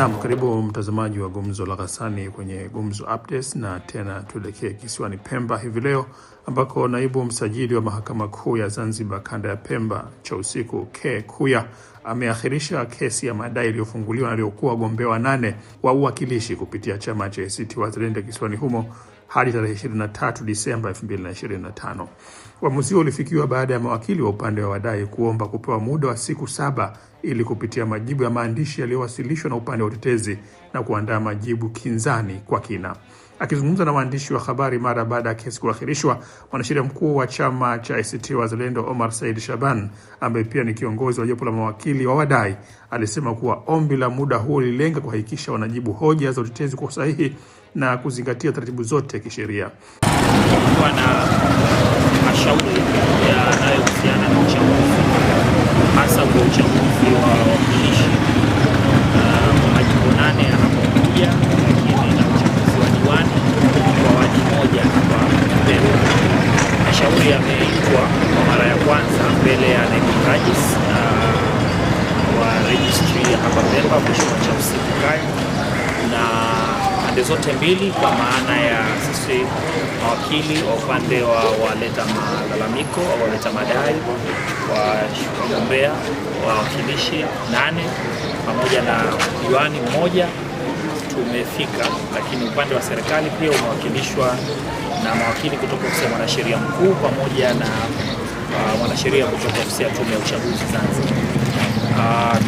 Naam, karibu mtazamaji wa Gumzo la Ghassani kwenye Gumzo Updates, na tena tuelekee kisiwani Pemba hivi leo ambako naibu msajili wa mahakama kuu ya Zanzibar kanda ya Pemba cha usiku K Kuya ameahirisha kesi ya madai iliyofunguliwa na aliyokuwa wagombea wanane wa uwakilishi kupitia chama cha ACT Wazalendo kisiwani humo hadi tarehe 23 Disemba 2025. Uamuzi huo ulifikiwa baada ya mawakili wa upande wa wadai kuomba kupewa muda wa siku saba ili kupitia majibu ya maandishi yaliyowasilishwa na upande wa utetezi na kuandaa majibu kinzani kwa kina. Akizungumza na waandishi wa habari mara baada ya kesi kuahirishwa, mwanasheria mkuu wa chama cha ACT Wazalendo Omar Said Shaban, ambaye pia ni kiongozi wa jopo la mawakili wa wadai, alisema kuwa ombi la muda huo lililenga kuhakikisha wanajibu hoja za utetezi kwa usahihi na kuzingatia taratibu zote kisheria. ameitwa kwa mara ya kwanza mbele ya naibu Rais wa registry ya hapa Pemba, Mheshimiwa Charles Sibukayo, na pande zote mbili, kwa maana ya sisi mawakili wa upande wa waleta malalamiko au waleta madai wagombea wawakilishi nane pamoja na diwani mmoja tumefika, lakini upande wa serikali pia umewakilishwa na mawakili kutoka ofisi ya mwanasheria mkuu pamoja na uh, mwanasheria uh, kutoka ofisi ya tume ya uchaguzi Zanzibar. Uh,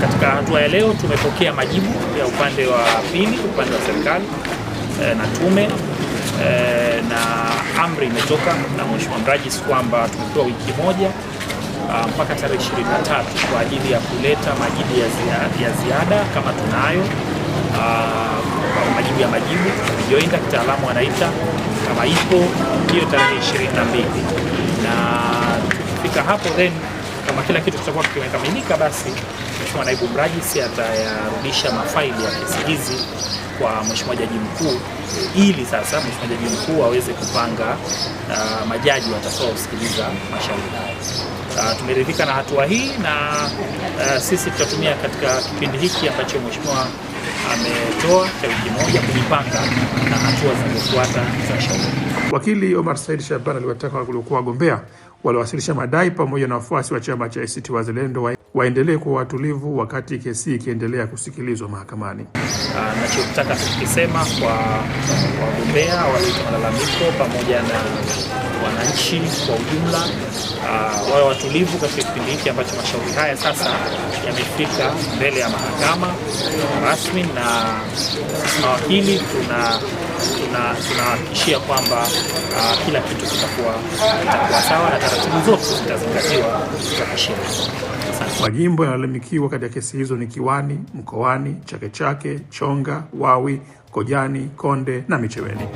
katika hatua ya leo tumepokea majibu ya upande wa pili, upande wa serikali eh, na tume eh, na amri imetoka na Mheshimiwa Mrajis kwamba tumepewa wiki moja uh, mpaka tarehe 23 kwa ajili ya kuleta majibu ya ziada kama tunayo uh, majibu ya majibu joinda kitaalamu wanaita kama ipo hiyo tarehe 22 na tukifika hapo then kama kila kitu kitakuwa kimekamilika, basi Mheshimiwa Naibu Mrajisi atayarudisha mafaili ya kesi hizi kwa Mheshimiwa Jaji Mkuu ili sasa Mheshimiwa Jaji Mkuu aweze kupanga uh, majaji watakaosikiliza mashauri hayo. Uh, ah, tumeridhika na hatua hii na uh, sisi tutatumia katika kipindi hiki ambacho Mheshimiwa ametoa cha wiki moja kujipanga na hatua zinazofuata za shauri. Wakili Omar Said Shaban aliwataka waliokuwa wagombea waliowasilisha madai pamoja na wafuasi wa chama cha ACT Wazalendo wa waendelee kuwa watulivu wakati kesi ikiendelea kusikilizwa mahakamani. Ah, Nachotaka kukisema kwa wagombea waliotoa malalamiko pamoja na wananchi kwa ujumla, ah, wawe watulivu katika kipindi hiki ambacho mashauri haya sasa yamefika mbele ya mahakama rasmi, na mawakili tuna tunahakikishia kwamba uh, kila kitu kitakuwa sawa na taratibu zote zitazingatiwa za kisheria. Majimbo yanalalamikiwa katika kesi hizo ni Kiwani, Mkoani, Chake Chake, Chonga, Wawi, Kojani, Konde na Micheweni.